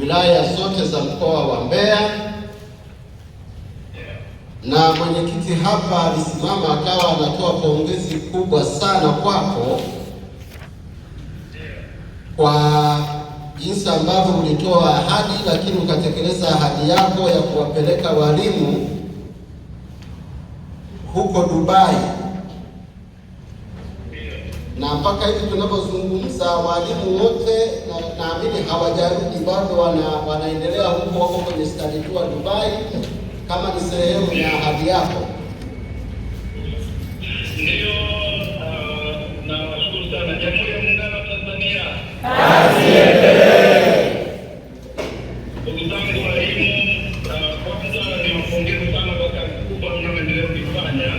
wilaya zote za mkoa wa Mbeya, na mwenyekiti hapa alisimama akawa anatoa pongezi kubwa sana kwako kwa jinsi ambavyo ulitoa ahadi, lakini ukatekeleza ahadi yako ya kuwapeleka walimu huko Dubai na mpaka hivi tunapozungumza walimu wote naamini na hawajarudi bado, wana, wanaendelea huko, huko kwenye study tour Dubai, kama ni sehemu ya ahadi yako. Ndio, uh, na sana Jamhuri ya Muungano wa Tanzania. Kazi iendelee. Ndugu zangu walimu, uh, kwanza niwapongeze sana kwa kazi kubwa mnayoendelea kuifanya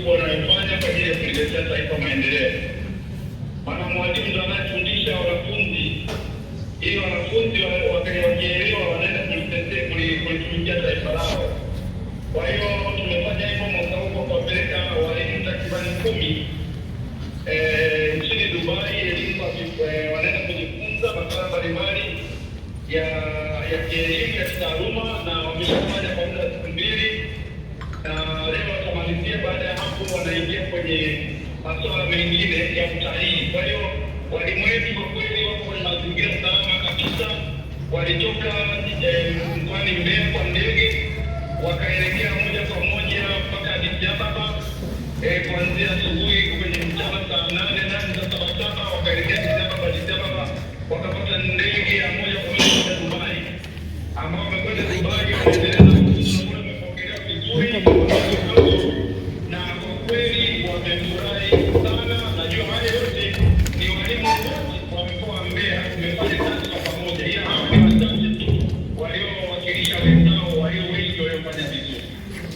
kubwa anayofanya kwa ajili ya kuendelea taifa maendeleo. Maana mwalimu ndiye anayefundisha wanafunzi ili wanafunzi wakielewa wanaenda kulitetea kulitumikia taifa lao. Kwa hiyo tumefanya hivyo mwaka huu kwa kuwapeleka walimu takribani kumi e, nchini Dubai, elimu e, wanaenda kujifunza masuala mbalimbali ya kielimu ya kitaaluma na wameshafanya wanaingia kwenye masuala mengine ya utalii. Kwa hiyo walimu wetu kwa kweli wako kwenye mazingira salama kabisa. Walitoka eh, mkoani Mbeya kwa ndege, wakaelekea moja kwa moja mpaka Addis Ababa eh, kuanzia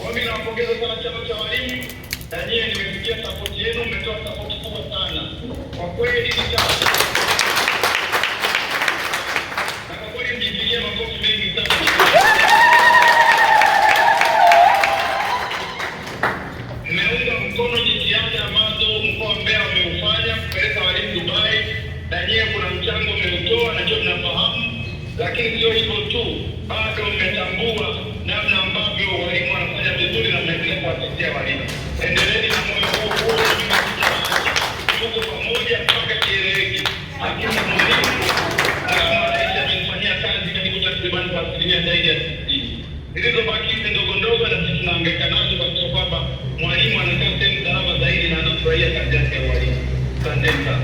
Kwa hiyo nawapongeza sana chama cha walimu na nyewe, nimefikia sapoti yenu, mmetoa sapoti kubwa sana kwa kweli na mkono jitihada ambazo mkoa wa Mbeya kuna mchango umeutoa, najua mnafahamu, lakini sio hivyo tu, bado mmetambua namna ambavyo walimu kuwafikia walimu. Endeleeni na moyo huo tuko pamoja mpaka kieleweke. mwalimu kazi karibu takribani kwa asilimia zaidi ya sitini. ndogo ndogo na sisi nazo kwamba mwalimu anakaa sehemu salama zaidi na anafurahia kazi yake ya Asanteni sana.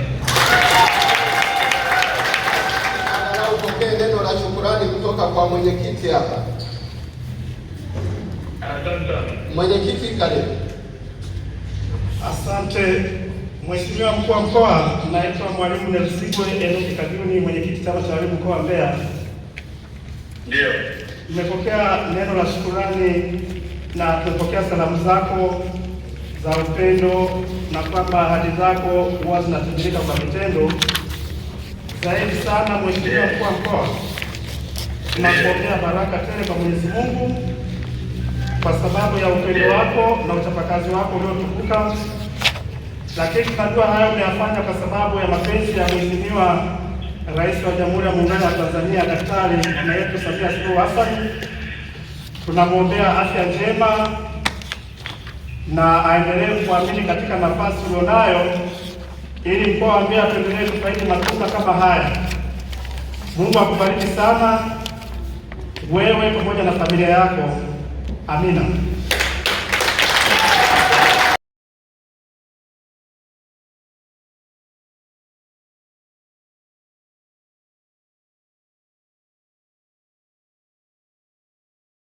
neno la shukurani kutoka kwa mwenyekiti hapa. Asante. Mwenyekiti, karibu. Asante Mheshimiwa mkuu wa mkoa, naitwa Mwalimu Nelsigwe Enoki Kajuni, mwenyekiti chama cha walimu mkoa wa Mbeya. Ndio, nimepokea neno la shukurani na tumepokea salamu zako za upendo na kwamba ahadi zako huwa zinatimilika kwa vitendo. Zaidi sana Mheshimiwa mkuu wa mkoa, tunakuombea baraka tele kwa Mwenyezi Mungu kwa sababu ya upendo wako na uchapakazi wako uliotukuka. Lakini tunajua hayo umeyafanya kwa sababu ya mapenzi ya Mheshimiwa Rais wa Jamhuri ya Muungano wa Tanzania, Daktari mama yetu Samia Suluhu Hassan. Tunamwombea afya njema na aendelee kuamini katika nafasi ulionayo, ili mkoa wa Mbeya tuendelee kufaidi matunda kama haya. Mungu akubariki sana wewe pamoja na familia yako. Amina.